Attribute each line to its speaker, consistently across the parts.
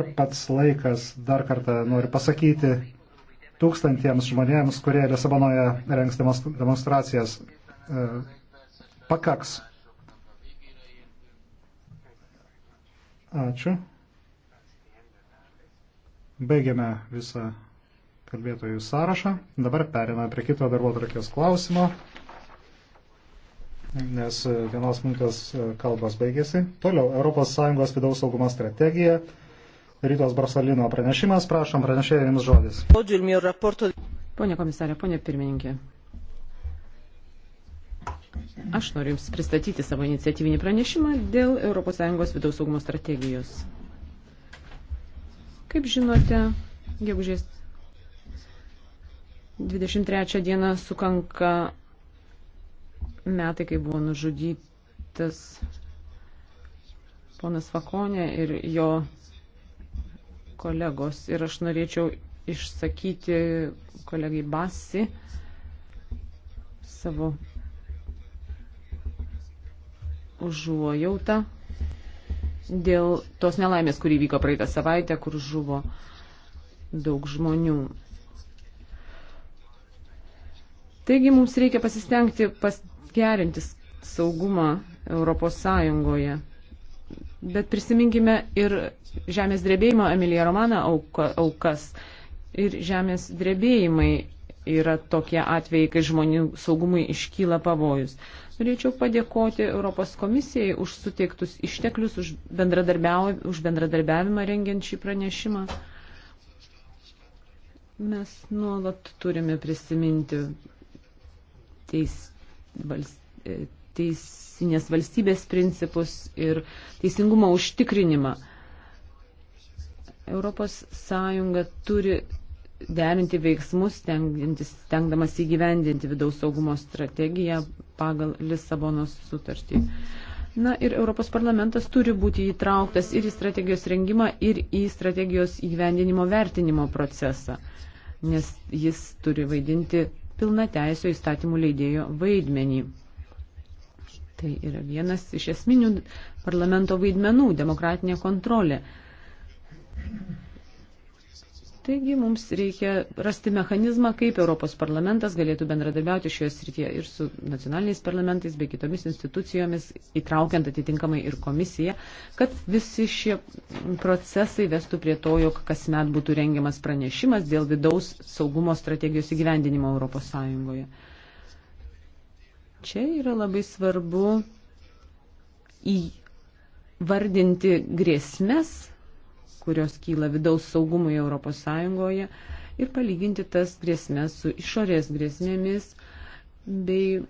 Speaker 1: Ir pats laikas dar kartą noriu pasakyti tūkstantiems žmonėms, kurie Lisabonoje rengs demonstracijas, e, pakaks. Ačiū. Baigiame visą kalbėtojų sąrašą. Dabar periname prie kito darbo trakės klausimo, nes vienos minutės kalbos baigėsi. Toliau, ES vidaus saugumo strategija Rytos Barsalino pranešimas, prašom pranešėjai jums žodis. Pone komisarė, pone pirmininkė. Aš noriu Jums pristatyti savo iniciatyvinį pranešimą dėl ES vidaus saugumo strategijos. Kaip žinote, gegužės 23 dieną sukanka metai, kai buvo nužudytas ponas Fakonė ir jo kolegos ir aš norėčiau išsakyti kolegai Basi savo užuojautą dėl tos nelaimės, kuri vyko praeitą savaitę, kur žuvo daug žmonių. Taigi mums reikia pasistengti pasgerinti saugumą Europos Sąjungoje. Bet prisiminkime ir žemės drebėjimo Emilija Romana aukas. Ir žemės drebėjimai yra tokie atvejai, kai žmonių saugumui iškyla pavojus. Norėčiau padėkoti Europos komisijai už suteiktus išteklius, už, už bendradarbiavimą rengiant šį pranešimą. Mes nuolat turime prisiminti teis, valst, teisinės valstybės principus ir teisingumo užtikrinimą. Europos Sąjunga turi derinti veiksmus, stengdamas įgyvendinti vidaus saugumo strategiją pagal Lisabonos sutartį. Na ir Europos parlamentas turi būti įtrauktas ir į strategijos rengimą, ir į strategijos įgyvendinimo vertinimo procesą, nes jis turi vaidinti pilna teisio įstatymų leidėjo vaidmenį. Tai yra vienas iš esminių parlamento vaidmenų - demokratinė kontrolė. Taigi mums reikia rasti mechanizmą, kaip Europos parlamentas galėtų bendradarbiauti šioje srityje ir su nacionaliniais parlamentais bei kitomis institucijomis, įtraukiant atitinkamai ir komisiją, kad visi šie procesai vestų prie to, jog kasmet būtų rengiamas pranešimas dėl vidaus saugumo strategijos įgyvendinimo Europos Sąjungoje. Čia yra labai svarbu įvardinti grėsmes, kurios kyla vidaus saugumui ES ir palyginti tas grėsmes su išorės grėsmėmis bei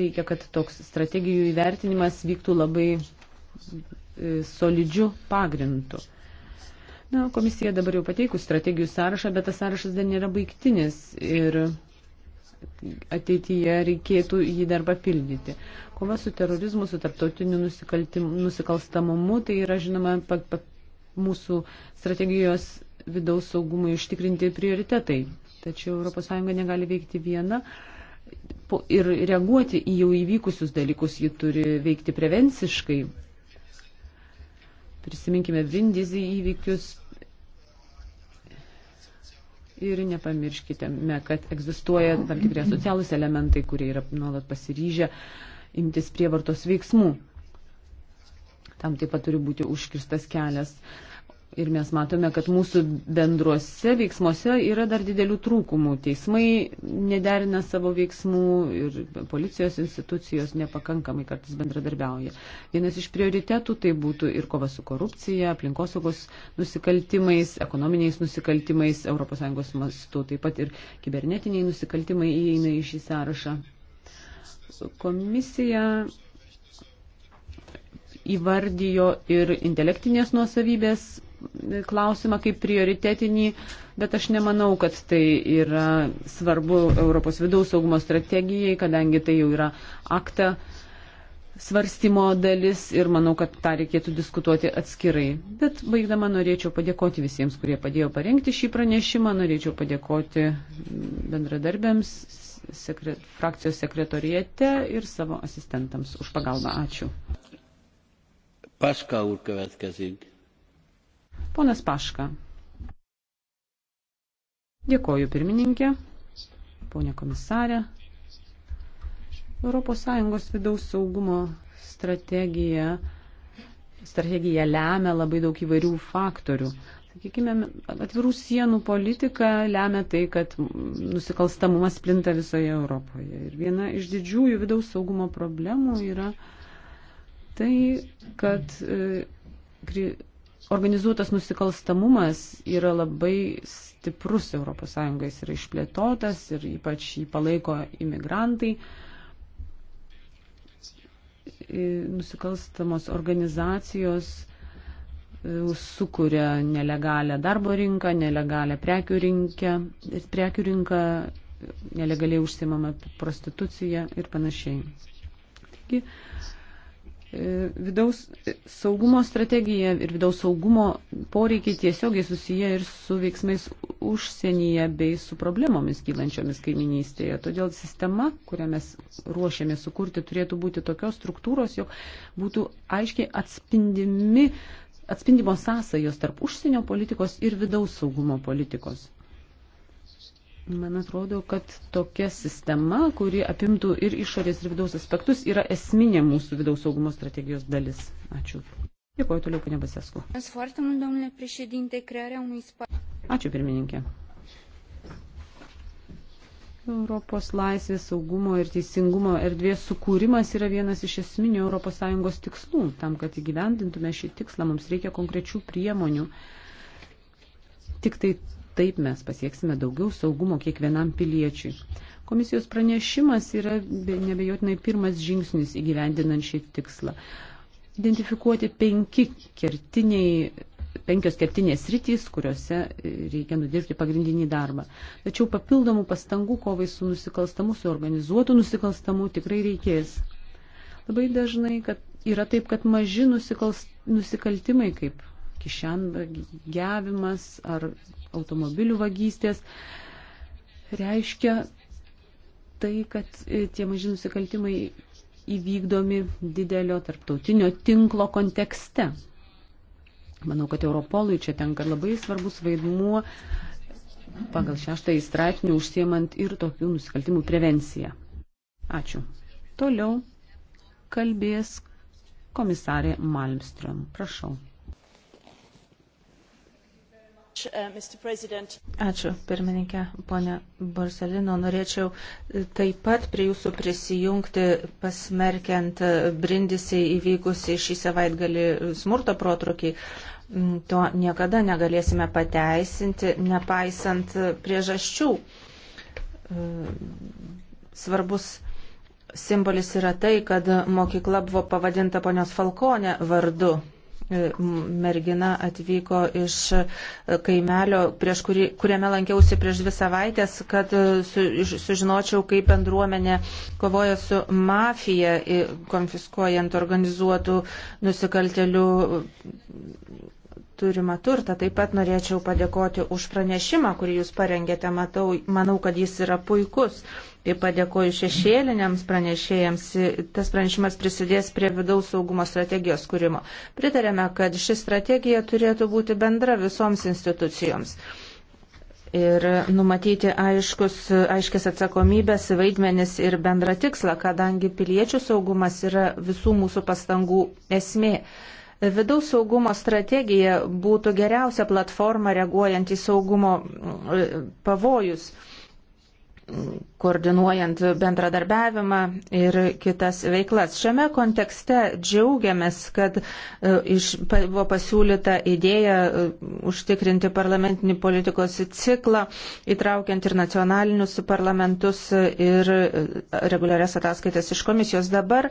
Speaker 1: reikia, kad toks strategijų įvertinimas vyktų labai e, solidžių pagrindų. Na, komisija dabar jau pateikus strategijų sąrašą, bet tas sąrašas dar nėra baigtinis ir ateityje reikėtų jį dar papildyti. Kova su terorizmu, su tarptautiniu nusikalstamumu, tai yra, žinoma, pa, pa, mūsų strategijos vidaus saugumui ištikrinti prioritetai. Tačiau ES negali veikti viena ir reaguoti į jau įvykusius dalykus, ji turi veikti prevenciškai. Prisiminkime Vindizį įvykius, Ir nepamirškite, kad egzistuoja tam tikrie socialūs elementai, kurie yra nuolat pasiryžę imtis prievartos veiksmų. Tam taip pat turi būti užkirstas kelias uh, Ir mes matome, kad mūsų bendruose veiksmuose yra dar didelių trūkumų. Teismai nederina savo veiksmų ir policijos institucijos nepakankamai kartais bendradarbiauja. Vienas iš prioritetų tai būtų ir kova su korupcija, aplinkosaugos nusikaltimais, ekonominiais nusikaltimais, ES mastu taip pat ir kibernetiniai nusikaltimai įeina į šį sąrašą. Komisija įvardijo ir intelektinės nuosavybės klausimą kaip prioritetinį, bet aš nemanau, kad tai yra svarbu Europos vidaus saugumo strategijai, kadangi tai jau yra aktą svarstymo dalis ir manau, kad tą reikėtų diskutuoti atskirai. Bet baigdama norėčiau padėkoti visiems, kurie padėjo parengti šį pranešimą, norėčiau padėkoti bendradarbėms, sekre, frakcijos sekretorijete ir savo asistentams už pagalbą. Ačiū.
Speaker 2: Paska úr következik.
Speaker 1: Ponas Paška. Dėkoju pirmininkė, ponė komisarė. ES vidaus saugumo strategija, strategija lemia labai daug įvairių faktorių. Sakykime, atvirų sienų politika lemia tai, kad nusikalstamumas plinta visoje Europoje. Ir viena iš didžiųjų vidaus saugumo problemų yra tai, kad e, organizuotas nusikalstamumas yra labai stiprus ES, jis yra išplėtotas ir ypač jį palaiko imigrantai. E, nusikalstamos organizacijos e, sukuria nelegalią darbo rinką, nelegalią prekių rinką, prekių rinką nelegaliai užsimama prostitucija ir panašiai. Taigi, Vidaus saugumo strategija ir vidaus saugumo poreikiai tiesiogiai susiję ir su veiksmais užsienyje bei su problemomis kylančiomis kaiminystėje. Todėl sistema, kurią mes ruošiame sukurti, turėtų būti tokios struktūros, jog būtų aiškiai atspindimi, atspindimo sąsajos tarp užsienio politikos ir vidaus saugumo politikos. Man atrodo, kad tokia sistema, kuri apimtų ir išorės, ir vidaus aspektus, yra esminė mūsų vidaus saugumo strategijos dalis. Ačiū. Dėkuoju toliau, ponia Basesku. Ačiū, pirmininkė. Europos laisvės saugumo ir teisingumo erdvės sukūrimas yra vienas iš esminių ES tikslų. Tam, kad įgyvendintume šį tikslą, mums reikia konkrečių priemonių. Tik tai Taip mes pasieksime daugiau saugumo kiekvienam piliečiui. Komisijos pranešimas yra nebejotinai pirmas žingsnis įgyvendinant šį tikslą. Identifikuoti penki kertiniai, penkios kertinės rytys, kuriuose reikia nudirbti pagrindinį darbą. Tačiau papildomų pastangų kovai su nusikalstamu, su organizuotu nusikalstamu tikrai reikės. Labai dažnai, kad yra taip, kad maži nusikals, nusikaltimai kaip kišenvagiavimas ar automobilių vagystės reiškia tai, kad e, tie maži nusikaltimai įvykdomi didelio tarptautinio tinklo kontekste. Manau, kad Europolui čia tenka labai svarbus vaidmuo pagal šeštąjį straipsnį užsiemant ir tokių nusikaltimų prevenciją. Ačiū. Toliau kalbės komisarė Malmström. Prašau
Speaker 2: much, uh, Ačiū, pirmininkė, ponė Borsalino. Norėčiau taip pat prie jūsų prisijungti, pasmerkiant brindisi įvykusi šį savaitgalį smurto protrukį. Mm, to niekada negalėsime pateisinti, nepaisant priežasčių. E, svarbus simbolis yra tai, kad mokykla buvo pavadinta ponios Falkonė vardu. E, mergina atvyko iš e, kaimelio, kurį, kuriame lankiausi prieš dvi savaitės, kad e, su, sužinočiau, kaip bendruomenė kovoja su mafija, konfiskuojant organizuotų nusikaltelių turimą turtą. Taip pat norėčiau padėkoti už pranešimą, kurį jūs parengėte. Matau, manau, kad jis yra puikus. Taip pat dėkoju šešėliniams pranešėjams. Tas pranešimas prisidės prie vidaus saugumo strategijos kūrimo. Pritarėme, kad ši strategija turėtų būti bendra visoms institucijoms ir numatyti aiškus, aiškis atsakomybės, vaidmenis ir bendrą tikslą, kadangi piliečių saugumas yra visų mūsų pastangų esmė. Vidaus saugumo strategija būtų geriausia platforma reaguojant į saugumo mm, pavojus koordinuojant bendradarbiavimą ir kitas veiklas. Šiame kontekste džiaugiamės, kad e, iš, buvo pasiūlyta idėja e, užtikrinti parlamentinį politikos ciklą, įtraukiant ir nacionalinius parlamentus ir e, reguliarias ataskaitas iš komisijos. Dabar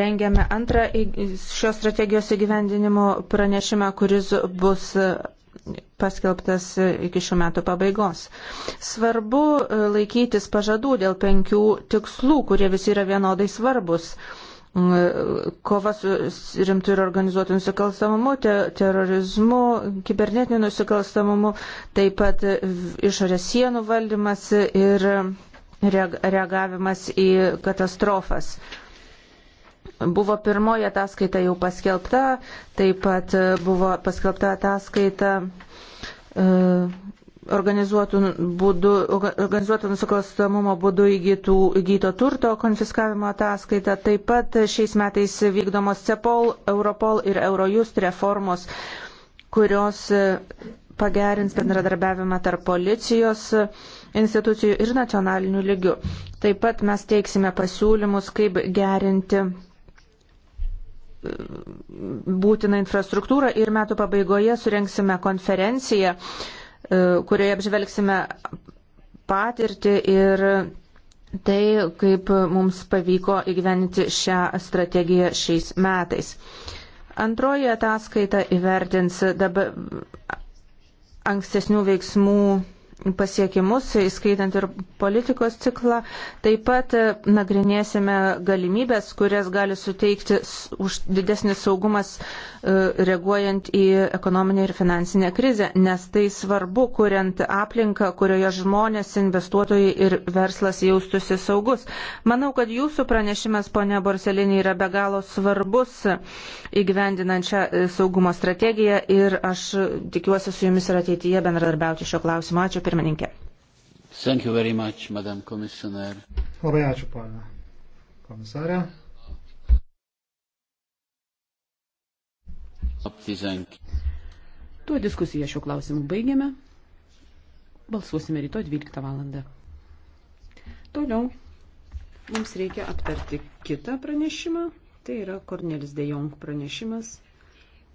Speaker 2: rengiame antrą šios strategijos įgyvendinimo pranešimą, kuris bus paskelbtas iki šių metų pabaigos. Svarbu e, laikytis pažadų dėl penkių tikslų, kurie visi yra vienodai svarbus. Mm, e, kova su rimtu ir organizuotu nusikalstamumu, te, terorizmu, kibernetiniu nusikalstamumu, taip pat išorės sienų valdymas ir reagavimas į katastrofas. Buvo pirmoji ataskaita jau paskelbta, taip pat e, buvo paskelbta ataskaita e, organizuotų, būdų, organizuotų nusikalstamumo būdu įgytų, įgyto turto konfiskavimo ataskaita. Taip pat šiais metais vykdomos CEPOL, Europol ir Eurojust reformos, kurios e, pagerins bendradarbiavimą tarp policijos institucijų ir nacionalinių lygių. Taip pat mes teiksime pasiūlymus, kaip gerinti būtiną infrastruktūrą ir metų pabaigoje surenksime konferenciją, e, kurioje apžvelgsime patirtį ir tai, kaip mums pavyko įgyveninti šią strategiją šiais metais. Antroji ataskaita įvertins dabar ankstesnių veiksmų pasiekimus, įskaitant ir politikos ciklą. Taip pat e, nagrinėsime galimybės, kurias gali suteikti už didesnis saugumas e, reaguojant į ekonominę ir finansinę krizę, nes tai svarbu, kuriant aplinką, kurioje žmonės, investuotojai ir verslas jaustusi saugus. Manau, kad jūsų pranešimas, ponia Borselinė, yra be galo svarbus įgyvendinančią e, saugumo strategiją ir aš tikiuosi su jumis ir ateityje bendradarbiauti šio klausimo. Ačiū pirmininkė.
Speaker 1: Much, Labai ačiū, pana komisarė. Tuo diskusiją šiuo klausimu baigiame. Balsuosime rytoj 12 val. Toliau mums reikia aptarti kitą pranešimą. Tai yra Kornelis Dejong pranešimas